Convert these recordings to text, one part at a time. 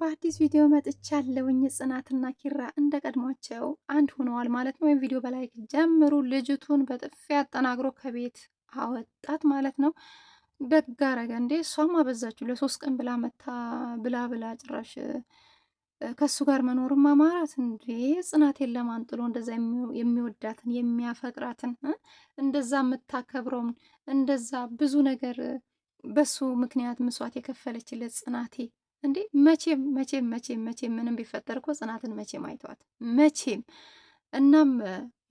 በአዲስ ቪዲዮ መጥቻለሁኝ። ጽናትና ኪራ እንደ ቀድሟቸው አንድ ሆነዋል ማለት ነው። ወይም ቪዲዮ በላይክ ጀምሩ። ልጅቱን በጥፊ አጠናግሮ ከቤት አወጣት ማለት ነው። ደግ አረገ እንዴ! እሷም አበዛችሁ። ለሶስት ቀን ብላ መታ ብላ ብላ ጭራሽ ከእሱ ጋር መኖርም አማራት እንዴ! ጽናቴን ለማን ጥሎ እንደዛ የሚወዳትን የሚያፈቅራትን እንደዛ የምታከብረውም እንደዛ ብዙ ነገር በሱ ምክንያት ምስዋት የከፈለችለት ጽናቴ እንዴ መቼም መቼም መቼም መቼም ምንም ቢፈጠር እኮ ጽናትን መቼም አይተዋት መቼም። እናም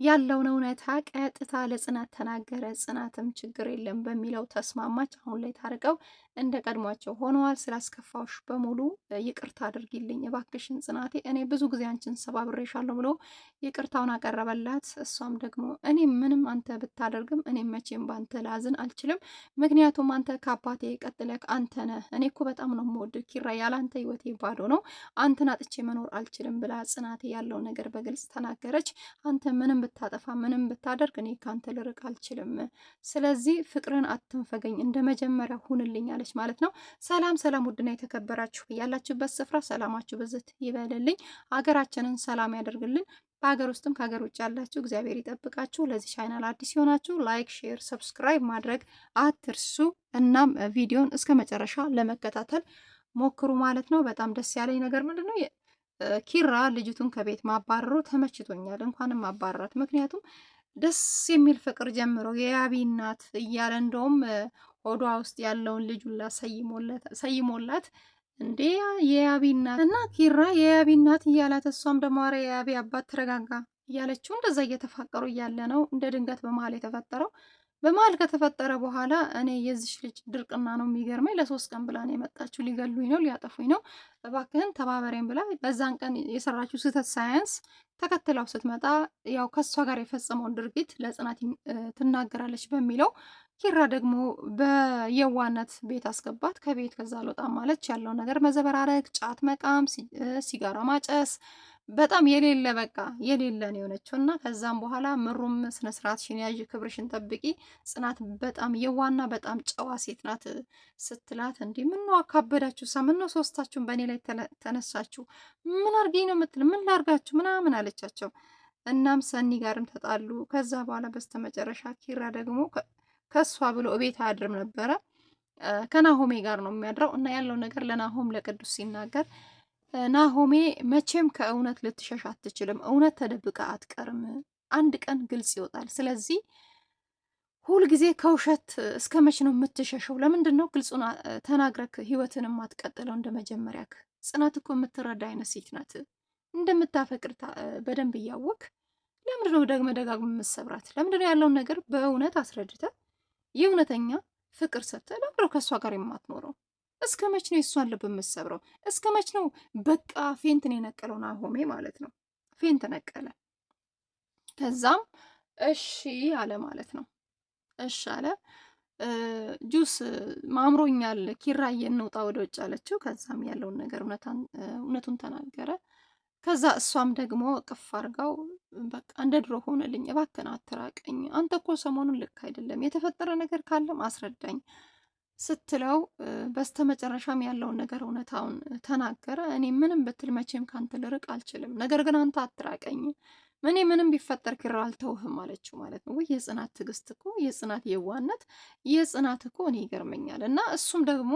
ያለውን እውነታ ቀጥታ ለጽናት ተናገረ። ጽናትም ችግር የለም በሚለው ተስማማች። አሁን ላይ ታርቀው እንደ ቀድሟቸው ሆነዋል። ስላስከፋሽ በሙሉ ይቅርታ አድርጊልኝ እባክሽን ጽናቴ፣ እኔ ብዙ ጊዜ አንቺን ሰባብሬሻለሁ ብሎ ይቅርታውን አቀረበላት። እሷም ደግሞ እኔ ምንም አንተ ብታደርግም እኔ መቼም ባንተ ላዝን አልችልም፣ ምክንያቱም አንተ ከአባቴ ቀጥለህ አንተ ነህ። እኔ እኮ በጣም ነው የምወድህ ኪራ፣ ያለ አንተ ህይወቴ ባዶ ነው፣ አንተን አጥቼ መኖር አልችልም ብላ ጽናቴ ያለው ነገር በግልጽ ተናገረች። አንተ ምንም ብታጠፋ፣ ምንም ብታደርግ እኔ ከአንተ ልርቅ አልችልም። ስለዚህ ፍቅርን አትንፈገኝ፣ እንደ መጀመሪያ ሁንልኛለች ትገኛለች ማለት ነው። ሰላም ሰላም፣ ውድና የተከበራችሁ ያላችሁበት ስፍራ ሰላማችሁ ብዝት ይበልልኝ፣ ሀገራችንን ሰላም ያደርግልን። በሀገር ውስጥም ከሀገር ውጭ ያላችሁ እግዚአብሔር ይጠብቃችሁ። ለዚህ ቻናል አዲስ ሲሆናችሁ ላይክ፣ ሼር፣ ሰብስክራይብ ማድረግ አትርሱ። እናም ቪዲዮን እስከ መጨረሻ ለመከታተል ሞክሩ ማለት ነው። በጣም ደስ ያለኝ ነገር ምንድን ነው? ኪራ ልጅቱን ከቤት ማባረሩ ተመችቶኛል። እንኳንም ማባረራት፣ ምክንያቱም ደስ የሚል ፍቅር ጀምሮ የያቢ እናት እያለ እንደውም ሆዷ ውስጥ ያለውን ልጁላ ሰይሞላት እንዴ የያቢ እናት እና ኪራ የያቢ እናት እያላት እሷም ደግሞ ኧረ የያቢ አባት ተረጋጋ እያለችው እንደዛ እየተፋቀሩ እያለ ነው እንደ ድንገት በመሀል የተፈጠረው። በመሀል ከተፈጠረ በኋላ እኔ የዚች ልጅ ድርቅና ነው የሚገርመኝ። ለሶስት ቀን ብላ ነው የመጣችው። ሊገሉኝ ነው፣ ሊያጠፉኝ ነው፣ እባክህን ተባበሬን ብላ በዛን ቀን የሰራችው ስህተት ሳያንስ ተከትለው ስትመጣ ያው ከእሷ ጋር የፈጸመውን ድርጊት ለጽናት ትናገራለች በሚለው ኪራ ደግሞ በየዋነት ቤት አስገባት። ከቤት ከዛ አልወጣም ማለች። ያለው ነገር መዘበራረቅ፣ ጫት መቃም፣ ሲጋራ ማጨስ በጣም የሌለ በቃ የሌለ ነው የሆነችው። እና ከዛም በኋላ ምሩም ስነስርዓት ሽንያዥ ክብርሽን ጠብቂ፣ ጽናት በጣም የዋና በጣም ጨዋ ሴት ናት ስትላት፣ እንዲህ ነው አካበዳችሁ ሳ ነው ሶስታችሁን በእኔ ላይ ተነሳችሁ? ምን አርገኝ ነው የምትል ምን ላርጋችሁ ምናምን አለቻቸው። እናም ሰኒ ጋርም ተጣሉ። ከዛ በኋላ በስተመጨረሻ ኪራ ደግሞ ከሷ ብሎ እቤት አያድርም ነበረ። ከናሆሜ ጋር ነው የሚያድረው እና ያለው ነገር ለናሆም ለቅዱስ ሲናገር ናሆሜ መቼም ከእውነት ልትሸሽ አትችልም። እውነት ተደብቃ አትቀርም፣ አንድ ቀን ግልጽ ይወጣል። ስለዚህ ሁልጊዜ ከውሸት እስከ መች ነው የምትሸሸው? ለምንድን ነው ግልጹን ተናግረክ ህይወትን የማትቀጥለው? እንደ መጀመሪያክ ጽናት እኮ የምትረዳ አይነት ሴት ናት። እንደምታፈቅር በደንብ እያወቅ ለምንድን ነው ደግመህ ደጋግመህ የምትሰብራት? ለምንድን ነው ያለውን ነገር በእውነት አስረድተህ የእውነተኛ ፍቅር ስትል አብረው ከእሷ ጋር የማትኖረው እስከ መች ነው የእሷን ልብ የምትሰብረው? እስከ መች ነው በቃ ፌንትን የነቀለው ናሆሜ ማለት ነው። ፌንት ነቀለ። ከዛም እሺ አለ ማለት ነው። እሺ አለ። ጁስ ማምሮኛል ኪራዬ እንውጣ ወደ ውጭ አለችው። ከዛም ያለውን ነገር እውነቱን ተናገረ። ከዛ እሷም ደግሞ ቅፍ አርጋው በቃ እንደ ድሮ ሆነልኝ፣ እባክን አትራቀኝ፣ አንተ እኮ ሰሞኑን ልክ አይደለም፣ የተፈጠረ ነገር ካለም አስረዳኝ ስትለው በስተመጨረሻም ያለውን ነገር እውነታውን ተናገረ። እኔ ምንም ብትል መቼም ካንተ ልርቅ አልችልም፣ ነገር ግን አንተ አትራቀኝ እኔ ምንም ቢፈጠር ኪራ አልተውህም አለችው ማለት ነው። ወይ የጽናት ትዕግስት እኮ የጽናት የዋነት የጽናት እኮ እኔ ይገርመኛል። እና እሱም ደግሞ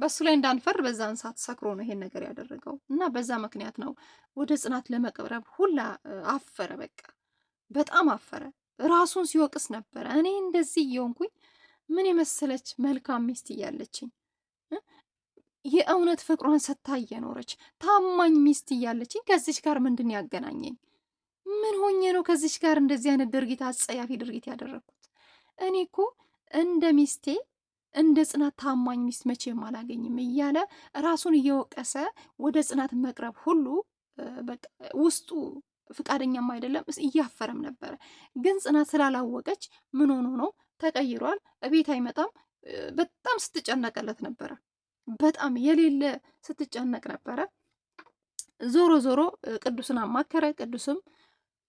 በእሱ ላይ እንዳንፈር በዛን ሰዓት ሰክሮ ነው ይሄን ነገር ያደረገው እና በዛ ምክንያት ነው ወደ ጽናት ለመቅረብ ሁላ አፈረ። በቃ በጣም አፈረ። ራሱን ሲወቅስ ነበረ። እኔ እንደዚህ እየሆንኩኝ ምን የመሰለች መልካም ሚስት እያለችኝ የእውነት ፍቅሯን ሰታ እየኖረች ታማኝ ሚስት እያለችኝ ከዚች ጋር ምንድን ያገናኘኝ ምን ሆኜ ነው ከዚች ጋር እንደዚህ አይነት ድርጊት አጸያፊ ድርጊት ያደረግኩት? እኔ እኮ እንደ ሚስቴ እንደ ጽናት ታማኝ ሚስት መቼም አላገኝም እያለ ራሱን እየወቀሰ ወደ ጽናት መቅረብ ሁሉ ውስጡ ፍቃደኛም አይደለም፣ እያፈረም ነበረ። ግን ጽናት ስላላወቀች ምን ሆኖ ነው ተቀይሯል፣ እቤት አይመጣም፣ በጣም ስትጨነቀለት ነበረ። በጣም የሌለ ስትጨነቅ ነበረ። ዞሮ ዞሮ ቅዱስን አማከረ። ቅዱስም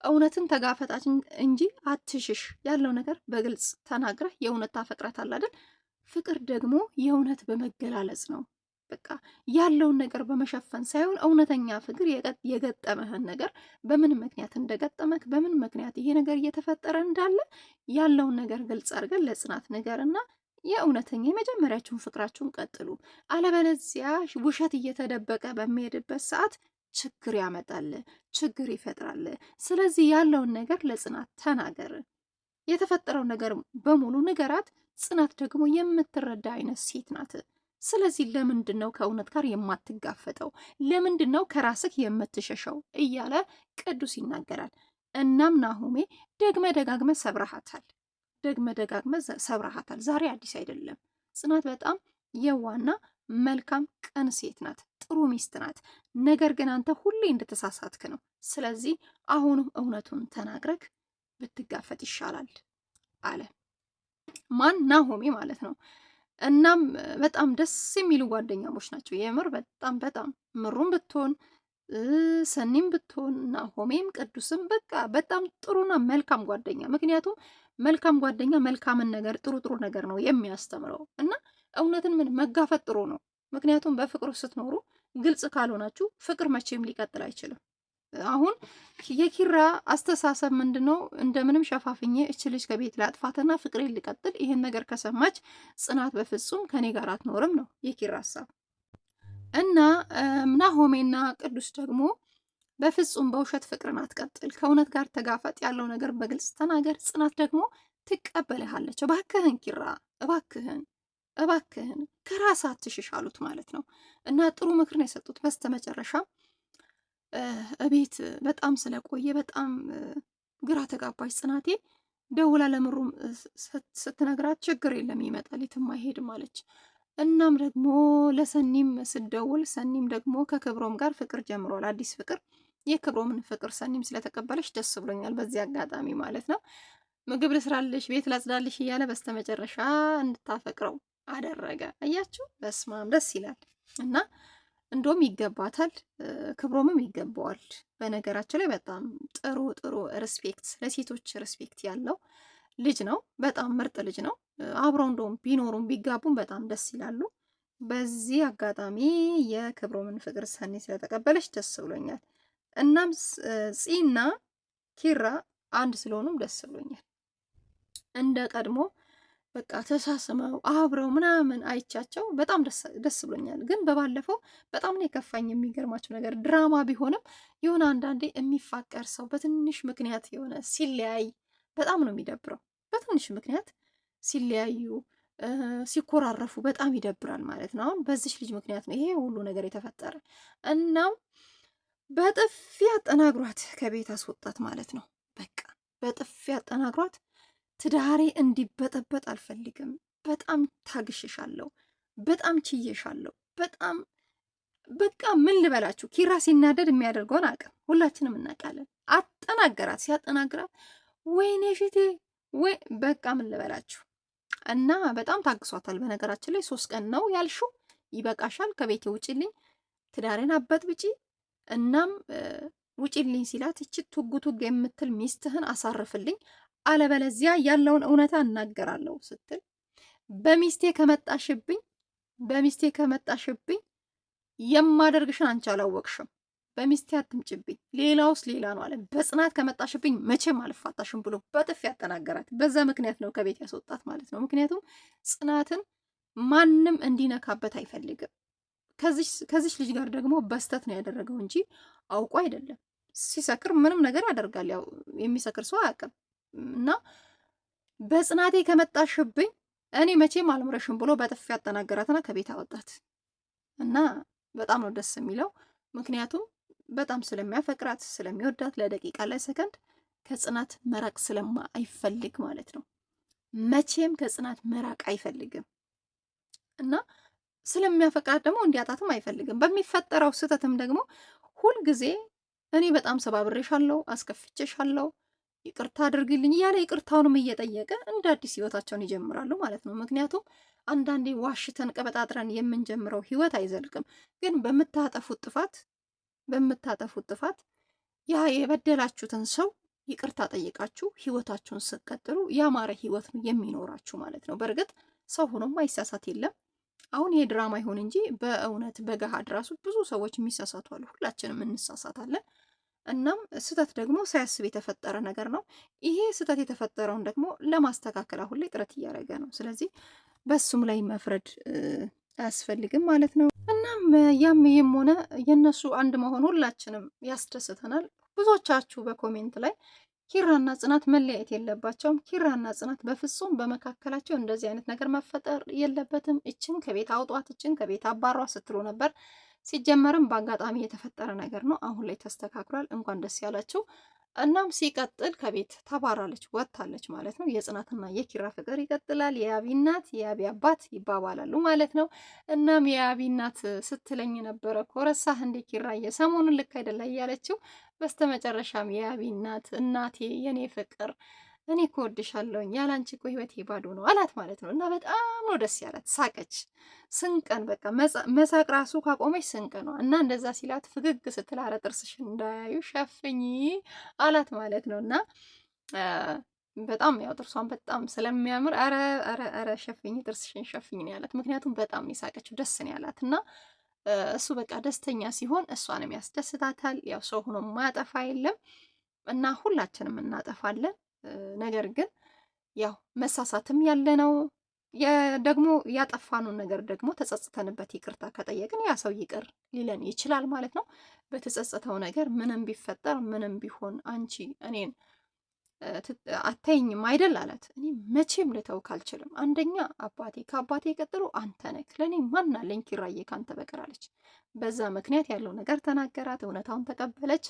እውነትን ተጋፈጣች እንጂ አትሽሽ። ያለው ነገር በግልጽ ተናግረህ የእውነት ታፈቅራታለህ አይደል? ፍቅር ደግሞ የእውነት በመገላለጽ ነው። በቃ ያለውን ነገር በመሸፈን ሳይሆን እውነተኛ ፍቅር የገጠመህን ነገር በምን ምክንያት እንደገጠመህ በምን ምክንያት ይሄ ነገር እየተፈጠረ እንዳለ ያለውን ነገር ግልጽ አድርገን ለጽናት ንገርና የእውነተኛ የመጀመሪያችሁን ፍቅራችሁን ቀጥሉ። አለበለዚያ ውሸት እየተደበቀ በሚሄድበት ሰዓት ችግር ያመጣል፣ ችግር ይፈጥራል። ስለዚህ ያለውን ነገር ለጽናት ተናገር፣ የተፈጠረው ነገር በሙሉ ንገራት። ጽናት ደግሞ የምትረዳ አይነት ሴት ናት። ስለዚህ ለምንድን ነው ከእውነት ጋር የማትጋፈጠው? ለምንድን ነው ከራስህ የምትሸሸው? እያለ ቅዱስ ይናገራል። እናም ናሆሜ ደግመ ደጋግመ ሰብረሃታል፣ ደግመ ደጋግመ ሰብረሃታል። ዛሬ አዲስ አይደለም ጽናት በጣም የዋና መልካም ቅን ሴት ናት፣ ጥሩ ሚስት ናት። ነገር ግን አንተ ሁሌ እንደተሳሳትክ ነው። ስለዚህ አሁንም እውነቱን ተናግረክ ብትጋፈጥ ይሻላል አለ ማን ናሆሜ ማለት ነው። እናም በጣም ደስ የሚሉ ጓደኛሞች ናቸው። የምር በጣም በጣም ምሩም ብትሆን ሰኒም ብትሆን ናሆሜም ቅዱስም በቃ በጣም ጥሩና መልካም ጓደኛ። ምክንያቱም መልካም ጓደኛ መልካምን ነገር ጥሩ ጥሩ ነገር ነው የሚያስተምረው እና እውነትን ምን መጋፈጥ ጥሩ ነው። ምክንያቱም በፍቅር ስትኖሩ ግልጽ ካልሆናችሁ ፍቅር መቼም ሊቀጥል አይችልም። አሁን የኪራ አስተሳሰብ ምንድን ነው? እንደምንም ሸፋፍኜ እች ልጅ ከቤት ላጥፋትና ፍቅሬን ሊቀጥል ይሄን ነገር ከሰማች ጽናት በፍጹም ከኔ ጋር አትኖርም ነው የኪራ ሀሳብ። እና ናሆሜና ቅዱስ ደግሞ በፍጹም በውሸት ፍቅርን አትቀጥል፣ ከእውነት ጋር ተጋፈጥ፣ ያለው ነገር በግልጽ ተናገር። ጽናት ደግሞ ትቀበልሃለች። እባክህን ኪራ እባክህን እባክህን ከራስ አትሽሽ አሉት ማለት ነው። እና ጥሩ ምክር ነው የሰጡት። በስተ መጨረሻ እቤት በጣም ስለቆየ በጣም ግራ ተጋባች ጽናቴ። ደውላ ለምሩም ስትነግራት ችግር የለም ይመጣል፣ የትም አይሄድም አለች። እናም ደግሞ ለሰኒም ስደውል ሰኒም ደግሞ ከክብሮም ጋር ፍቅር ጀምሯል፣ አዲስ ፍቅር። የክብሮምን ፍቅር ሰኒም ስለተቀበለች ደስ ብሎኛል፣ በዚህ አጋጣሚ ማለት ነው። ምግብ ልስራልሽ፣ ቤት ላጽዳልሽ እያለ በስተመጨረሻ እንድታፈቅረው አደረገ። አያችሁ፣ በስማም ደስ ይላል። እና እንደውም ይገባታል፣ ክብሮምም ይገባዋል። በነገራችን ላይ በጣም ጥሩ ጥሩ ሪስፔክት፣ ለሴቶች ሪስፔክት ያለው ልጅ ነው። በጣም ምርጥ ልጅ ነው። አብረው እንደውም ቢኖሩም ቢጋቡም በጣም ደስ ይላሉ። በዚህ አጋጣሚ የክብሮምን ፍቅር ሰኔ ስለተቀበለች ደስ ብሎኛል። እናም ፂና ኪራ አንድ ስለሆኑም ደስ ብሎኛል። እንደ ቀድሞ በቃ ተሳስመው አብረው ምናምን አይቻቸው በጣም ደስ ብሎኛል። ግን በባለፈው በጣም ነው የከፋኝ። የሚገርማቸው ነገር ድራማ ቢሆንም የሆነ አንዳንዴ የሚፋቀር ሰው በትንሽ ምክንያት የሆነ ሲለያይ በጣም ነው የሚደብረው። በትንሽ ምክንያት ሲለያዩ ሲኮራረፉ በጣም ይደብራል ማለት ነው። አሁን በዚች ልጅ ምክንያት ነው ይሄ ሁሉ ነገር የተፈጠረ። እናም በጥፊ አጠናግሯት ከቤት አስወጣት ማለት ነው። በቃ በጥፊ አጠናግሯት ትዳሬ እንዲበጠበጥ አልፈልግም። በጣም ታግሽሻለሁ፣ በጣም ችዬሻለሁ፣ በጣም በቃ ምን ልበላችሁ። ኪራ ሲናደድ የሚያደርገውን አቅም ሁላችንም እናውቃለን። አጠናገራት ሲያጠናግራት ወይኔ ፊቴ ወይ በቃ ምን ልበላችሁ እና በጣም ታግሷታል። በነገራችን ላይ ሶስት ቀን ነው ያልሹ ይበቃሻል፣ ከቤቴ ውጭልኝ ትዳሬን አበጥብጪ፣ እናም ውጪልኝ ሲላት እቺ ቱግ ቱግ የምትል ሚስትህን አሳርፍልኝ፣ አለበለዚያ ያለውን እውነታ እናገራለሁ ስትል በሚስቴ ከመጣሽብኝ በሚስቴ ከመጣሽብኝ የማደርግሽን አንቺ አላወቅሽም። በሚስቴ አትምጭብኝ፣ ውስጥ ሌላ ነው አለ። በጽናት ከመጣሽብኝ መቼም አልፋታሽም ብሎ በጥፍ ያጠናገራት። በዛ ምክንያት ነው ከቤት ያስወጣት ማለት ነው። ምክንያቱም ጽናትን ማንም እንዲነካበት አይፈልግም። ከዚች ልጅ ጋር ደግሞ በስተት ነው ያደረገው እንጂ አውቆ አይደለም። ሲሰክር ምንም ነገር ያደርጋል። ያው የሚሰክር ሰው አያውቅም። እና በጽናቴ ከመጣሽብኝ እኔ መቼም አልምረሽም ብሎ በጥፊ ያጠናገራትና ከቤት አወጣት እና በጣም ነው ደስ የሚለው ምክንያቱም በጣም ስለሚያፈቅራት ስለሚወዳት ለደቂቃ ላይ ሰከንድ ከጽናት መራቅ ስለማ አይፈልግ ማለት ነው። መቼም ከጽናት መራቅ አይፈልግም እና ስለሚያፈቅራት ደግሞ እንዲያጣትም አይፈልግም። በሚፈጠረው ስህተትም ደግሞ ሁልጊዜ እኔ በጣም ሰባብሬሻለሁ፣ አስከፍቼሻለሁ ይቅርታ አድርግልኝ እያለ ይቅርታውንም እየጠየቀ እንደ አዲስ ህይወታቸውን ይጀምራሉ ማለት ነው። ምክንያቱም አንዳንዴ ዋሽተን ቀበጣጥረን የምንጀምረው ህይወት አይዘልቅም። ግን በምታጠፉት ጥፋት በምታጠፉት ጥፋት ያ የበደላችሁትን ሰው ይቅርታ ጠይቃችሁ ህይወታችሁን ስትቀጥሉ ያማረ ህይወት የሚኖራችሁ ማለት ነው። በእርግጥ ሰው ሆኖም አይሳሳት የለም። አሁን ይሄ ድራማ ይሁን እንጂ በእውነት በገሃድ ራሱ ብዙ ሰዎች የሚሳሳቱ አሉ። ሁላችንም እንሳሳታለን። እናም ስህተት ደግሞ ሳያስብ የተፈጠረ ነገር ነው። ይሄ ስህተት የተፈጠረውን ደግሞ ለማስተካከል አሁን ላይ ጥረት እያደረገ ነው። ስለዚህ በሱም ላይ መፍረድ አያስፈልግም ማለት ነው። እናም ያም ይህም ሆነ የእነሱ አንድ መሆን ሁላችንም ያስደስተናል። ብዙዎቻችሁ በኮሜንት ላይ ኪራና ጽናት መለያየት የለባቸውም፣ ኪራና ጽናት በፍጹም በመካከላቸው እንደዚህ አይነት ነገር መፈጠር የለበትም፣ እችን ከቤት አውጧት፣ እችን ከቤት አባሯ ስትሉ ነበር። ሲጀመርም በአጋጣሚ የተፈጠረ ነገር ነው። አሁን ላይ ተስተካክሏል። እንኳን ደስ ያላችሁ። እናም ሲቀጥል ከቤት ተባራለች፣ ወጥታለች ማለት ነው። የጽናትና የኪራ ፍቅር ይቀጥላል። የአቢ እናት የአቢ አባት ይባባላሉ ማለት ነው። እናም የአቢ እናት ስትለኝ ነበረ ኮረሳ እንዴ ኪራ፣ የሰሞኑን ልክ አይደለ እያለችው በስተመጨረሻም የአቢ እናት እናቴ፣ የኔ ፍቅር እኔ እኮ ወድሻለሁኝ ያላንቺ እኮ ህይወቴ ባዶ ነው አላት ማለት ነው። እና በጣም ነው ደስ ያላት፣ ሳቀች። ስንቀን በቃ መሳቅ ራሱ ካቆመች ስንቅ ነው። እና እንደዛ ሲላት ፍግግ ስትል አረ ጥርስሽን እንዳያዩ ሸፍኝ አላት ማለት ነው። እና በጣም ያው ጥርሷን በጣም ስለሚያምር አረ አረ አረ ሸፍኝ ጥርስሽን ሸፍኝ ነው ያላት። ምክንያቱም በጣም ነው የሳቀችው፣ ደስ ነው ያላት እና እሱ በቃ ደስተኛ ሲሆን እሷንም ያስደስታታል። ያው ሰው ሆኖ ማያጠፋ የለም እና ሁላችንም እናጠፋለን። ነገር ግን ያው መሳሳትም ያለ ነው። ደግሞ ያጠፋነውን ነገር ደግሞ ተጸጽተንበት ይቅርታ ከጠየቅን ያ ሰው ይቅር ሊለን ይችላል ማለት ነው። በተጸጸተው ነገር ምንም ቢፈጠር ምንም ቢሆን አንቺ እኔን አታይኝም አይደል አላት። እኔ መቼም ልተውክ አልችልም። አንደኛ አባቴ፣ ከአባቴ ቀጥሎ አንተ ነክ ለእኔ ማን አለኝ ኪራዬ ካንተ በቀር አለች። በዛ ምክንያት ያለው ነገር ተናገራት። እውነታውን ተቀበለች።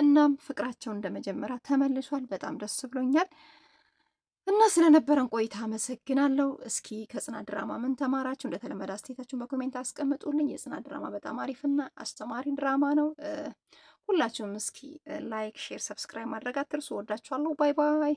እናም ፍቅራቸው እንደመጀመሪያ ተመልሷል። በጣም ደስ ብሎኛል እና ስለነበረን ቆይታ አመሰግናለሁ። እስኪ ከጽናት ድራማ ምን ተማራችሁ? እንደተለመደ አስተያየታችሁን በኮሜንት አስቀምጡልኝ። የጽናት ድራማ በጣም አሪፍና አስተማሪ ድራማ ነው። ሁላችሁም እስኪ ላይክ፣ ሼር፣ ሰብስክራይብ ማድረግ አትርሱ። ወዳችኋለሁ። ባይ ባይ